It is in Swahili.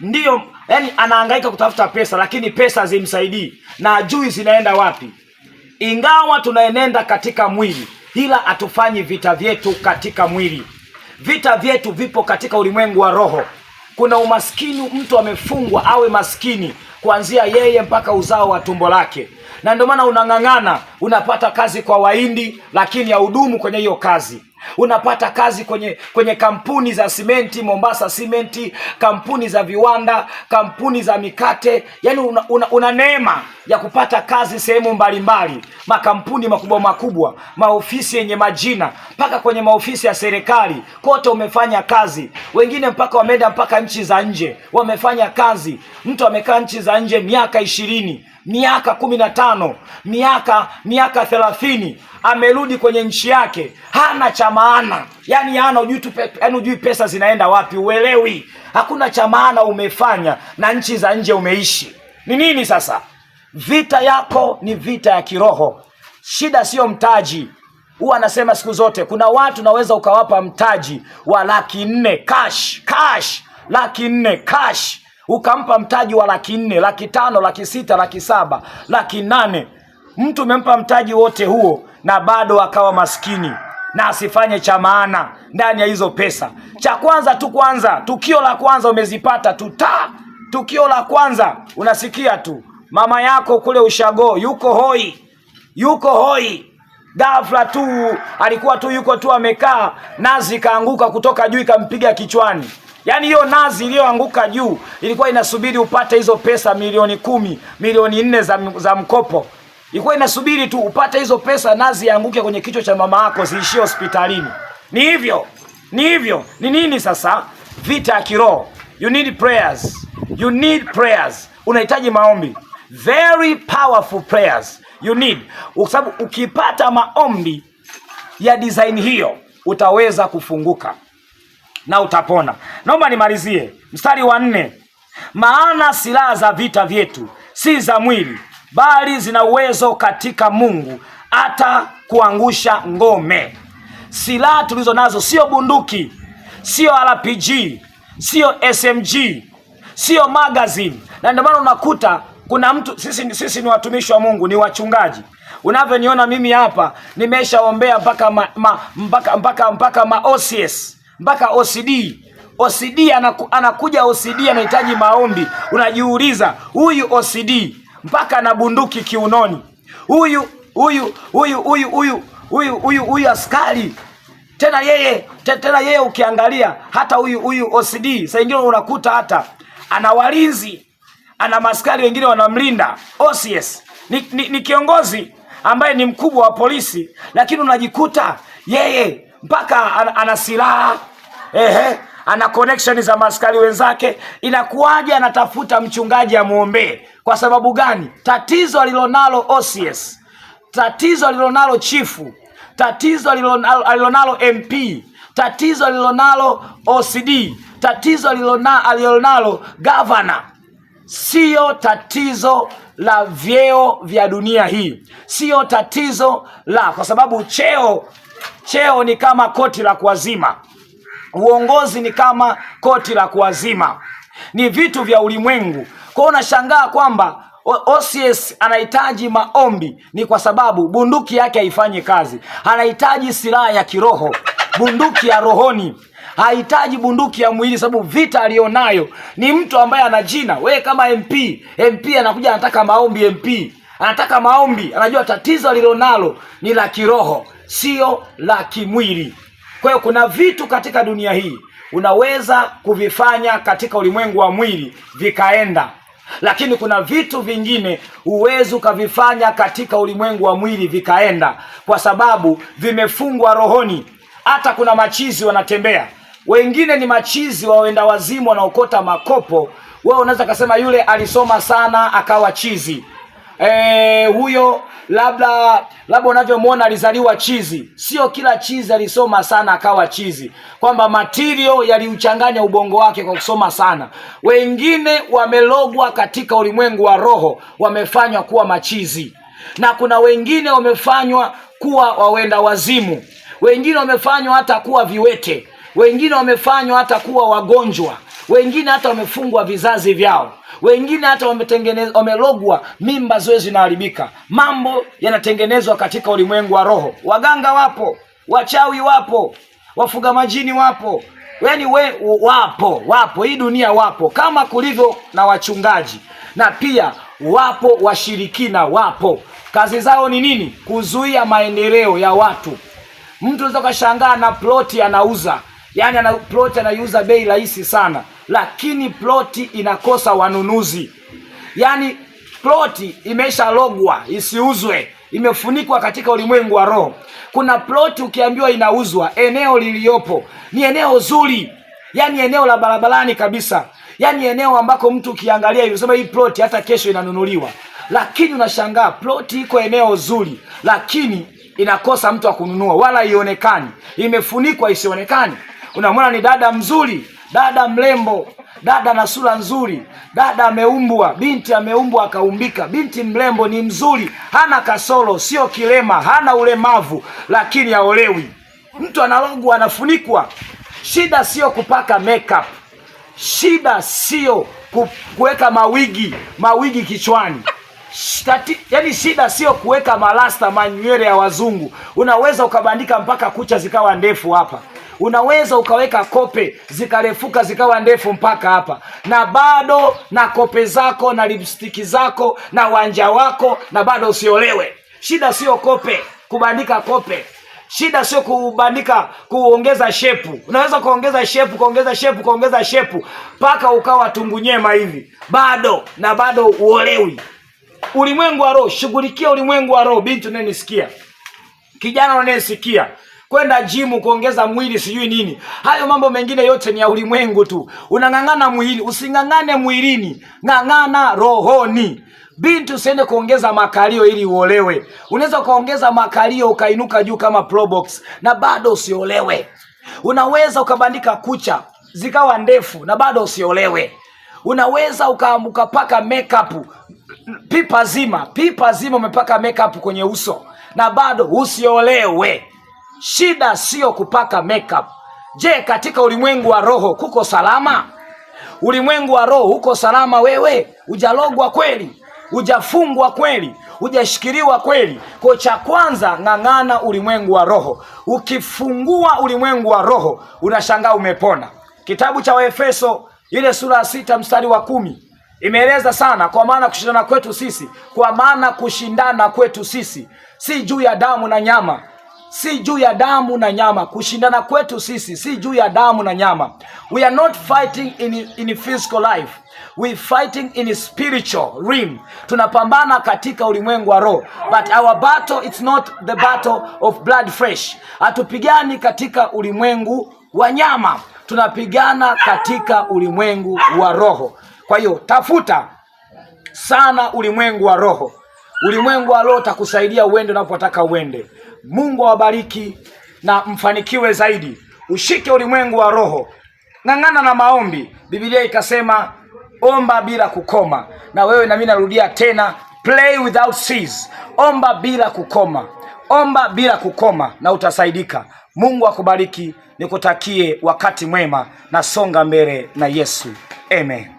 ndiyo, yani anahangaika kutafuta pesa, lakini pesa zimsaidii na ajui zinaenda wapi. Ingawa tunaenenda katika mwili, ila hatufanyi vita vyetu katika mwili. Vita vyetu vipo katika ulimwengu wa roho. Kuna umaskini, mtu amefungwa awe maskini kuanzia yeye mpaka uzao wa tumbo lake na ndio maana unang'ang'ana, unapata kazi kwa Wahindi lakini haudumu kwenye hiyo kazi. Unapata kazi kwenye kwenye kampuni za simenti, Mombasa simenti, kampuni za viwanda, kampuni za mikate. Yani una, una, una neema ya kupata kazi sehemu mbalimbali, makampuni makubwa makubwa, maofisi yenye majina, mpaka kwenye maofisi ya serikali kote umefanya kazi. Wengine mpaka wameenda mpaka nchi za nje wamefanya kazi. Mtu amekaa nchi za nje miaka ishirini miaka kumi na tano miaka miaka thelathini amerudi kwenye nchi yake, hana cha maana yani, ana ujui yaani ujui pesa zinaenda wapi, uelewi, hakuna cha maana umefanya, na nchi za nje umeishi ni nini? Sasa vita yako ni vita ya kiroho. Shida siyo mtaji. Huwa anasema siku zote kuna watu naweza ukawapa mtaji wa laki nne cash cash, laki nne cash ukampa mtaji wa laki nne, laki tano, laki sita, laki saba, laki nane, mtu umempa mtaji wote huo na bado akawa maskini na asifanye cha maana ndani ya hizo pesa. Cha kwanza tu, kwanza tukio la kwanza umezipata ta tukio la kwanza unasikia tu mama yako kule ushago yuko hoi, yuko hoi ghafla tu alikuwa tu yuko tu amekaa, nazi ikaanguka kutoka juu ikampiga kichwani. Yaani hiyo nazi iliyoanguka juu ilikuwa inasubiri upate hizo pesa milioni kumi, milioni nne za, za mkopo. Ilikuwa inasubiri tu upate hizo pesa, nazi ianguke kwenye kichwa cha mama yako, ziishie hospitalini. Ni hivyo, ni hivyo. Ni nini sasa? Vita ya kiroho. You need prayers, you need prayers. Unahitaji maombi, very powerful prayers you need, kwa sababu ukipata maombi ya design hiyo utaweza kufunguka na utapona. Naomba nimalizie mstari wa nne, maana silaha za vita vyetu si za mwili, bali zina uwezo katika Mungu hata kuangusha ngome. Silaha tulizo nazo sio bunduki, sio RPG, sio SMG, sio magazine, na ndio maana unakuta kuna mtu sisi, sisi ni watumishi wa Mungu, ni wachungaji. Unavyoniona mimi hapa nimeshaombea mpaka ma, ma, mpaka mpaka mpaka ma OCS mpaka OCD OCD anaku, anakuja OCD anahitaji maombi. Unajiuliza, huyu OCD mpaka na bunduki kiunoni, huyu huyu huyu huyu huyu huyu huyu huyu askari tena yeye tena yeye, ukiangalia hata huyu huyu OCD saa ingine unakuta hata ana walinzi ana maskari wengine wanamlinda. OCS ni, ni, ni kiongozi ambaye ni mkubwa wa polisi, lakini unajikuta yeye mpaka ana, ana silaha ehe, ana connection za maskari wenzake. Inakuwaje anatafuta mchungaji amwombee? Kwa sababu gani? Tatizo alilonalo OCS, tatizo alilonalo chifu, tatizo alilonalo MP, tatizo alilonalo OCD, tatizo alilonalo governor siyo tatizo la vyeo vya dunia hii, siyo tatizo la, kwa sababu cheo cheo ni kama koti la kuwazima, uongozi ni kama koti la kuwazima, ni vitu vya ulimwengu. Kwa hiyo unashangaa kwamba OCS anahitaji maombi, ni kwa sababu bunduki yake haifanyi kazi, anahitaji silaha ya kiroho bunduki ya rohoni, hahitaji bunduki ya mwili, sababu vita alionayo ni mtu ambaye ana jina. Wewe kama MP, MP anakuja anataka maombi, MP anataka maombi, anajua tatizo alilonalo ni la kiroho, sio la kimwili. Kwa hiyo kuna vitu katika dunia hii unaweza kuvifanya katika ulimwengu wa mwili vikaenda, lakini kuna vitu vingine huwezi ukavifanya katika ulimwengu wa mwili vikaenda, kwa sababu vimefungwa rohoni. Hata kuna machizi wanatembea, wengine ni machizi waenda wazimu, wanaokota makopo. Wewe unaweza kusema yule alisoma sana akawa chizi. E, huyo labda labda unavyomwona alizaliwa chizi. Sio kila chizi alisoma sana akawa chizi, kwamba matirio yaliuchanganya ubongo wake kwa kusoma sana. Wengine wamelogwa katika ulimwengu wa roho, wamefanywa kuwa machizi, na kuna wengine wamefanywa kuwa wawenda wazimu wengine wamefanywa hata kuwa viwete, wengine wamefanywa hata kuwa wagonjwa, wengine hata wamefungwa vizazi vyao, wengine hata wametengenezwa, wamelogwa mimba zote zinaharibika. Mambo yanatengenezwa katika ulimwengu wa roho. Waganga wapo, wachawi wapo, wafuga majini wapo, yaani we, wapo wapo, hii dunia wapo, kama kulivyo na wachungaji na pia wapo washirikina, wapo kazi zao ni nini? Kuzuia maendeleo ya watu. Mtu anaweza kashangaa na ploti anauza, yaani ana ploti anaiuza bei rahisi sana, lakini ploti inakosa wanunuzi, yaani ploti imeshalogwa isiuzwe, imefunikwa katika ulimwengu wa roho. Kuna ploti ukiambiwa inauzwa, eneo liliyopo ni eneo zuri, yaani eneo la barabarani kabisa, yaani eneo ambako mtu ukiangalia hivi unasema hii ploti hata kesho inanunuliwa, lakini unashangaa ploti iko eneo zuri, lakini inakosa mtu wa kununua, wala ionekani, imefunikwa isionekani. Unamwona ni dada mzuri, dada mrembo, dada na sura nzuri, dada ameumbwa, binti ameumbwa akaumbika, binti mrembo, ni mzuri, hana kasoro, sio kilema, hana ulemavu, lakini haolewi. Mtu analogwa, anafunikwa. Shida sio kupaka makeup, shida sio kuweka mawigi mawigi kichwani. Stati, yani shida sio kuweka malasta manywele ya wazungu. Unaweza ukabandika mpaka kucha zikawa ndefu hapa, unaweza ukaweka kope zikarefuka zikawa ndefu mpaka hapa, na bado na kope zako na lipstiki zako na wanja wako, na bado usiolewe. Shida sio kope, kubandika kope Shida sio kubandika, kuongeza shepu. Unaweza kuongeza shepu, kuongeza shepu, kuongeza shepu mpaka ukawa tungunyema hivi, bado na bado uolewi ulimwengu wa roho, shughulikia ulimwengu wa roho. Binti unanisikia, kijana unanisikia, kwenda jimu kuongeza mwili sijui nini, hayo mambo mengine yote ni ya ulimwengu tu. Unang'ang'ana mwili, using'ang'ane mwilini, ng'ang'ana rohoni. Binti, usiende kuongeza makalio ili uolewe. Unaweza ukaongeza makalio ukainuka juu kama probox na bado usiolewe. Unaweza ukabandika kucha zikawa ndefu na bado usiolewe. Unaweza uka, ukapaka makeup pipa zima, pipa zima umepaka makeup kwenye uso na bado usiolewe. Shida sio kupaka makeup. Je, katika ulimwengu wa roho kuko salama? Ulimwengu wa roho uko salama? Wewe ujalogwa kweli? Ujafungwa kweli? Ujashikiliwa kweli? Kwa cha kwanza, ng'ang'ana ulimwengu wa roho. Ukifungua ulimwengu wa roho, unashangaa umepona. Kitabu cha Waefeso ile sura ya sita mstari wa kumi imeeleza sana, kwa maana kushindana kwetu sisi, kwa maana kushindana kwetu sisi si juu ya damu na nyama si juu ya damu na nyama. Kushindana kwetu sisi si juu ya damu na nyama. We are not fighting in, in physical life we fighting in spiritual realm. Tunapambana katika ulimwengu wa roho, but our battle it's not the battle of blood fresh. Hatupigani katika ulimwengu wa nyama, tunapigana katika ulimwengu wa roho. Kwa hiyo tafuta sana ulimwengu wa roho. Ulimwengu wa roho utakusaidia uende unapotaka uende. Mungu awabariki na mfanikiwe zaidi. Ushike ulimwengu wa roho, ng'ang'ana na maombi. Biblia ikasema omba bila kukoma, na wewe nami narudia tena, play without cease, omba bila kukoma, omba bila kukoma na utasaidika. Mungu akubariki, nikutakie wakati mwema na songa mbele na Yesu, amen.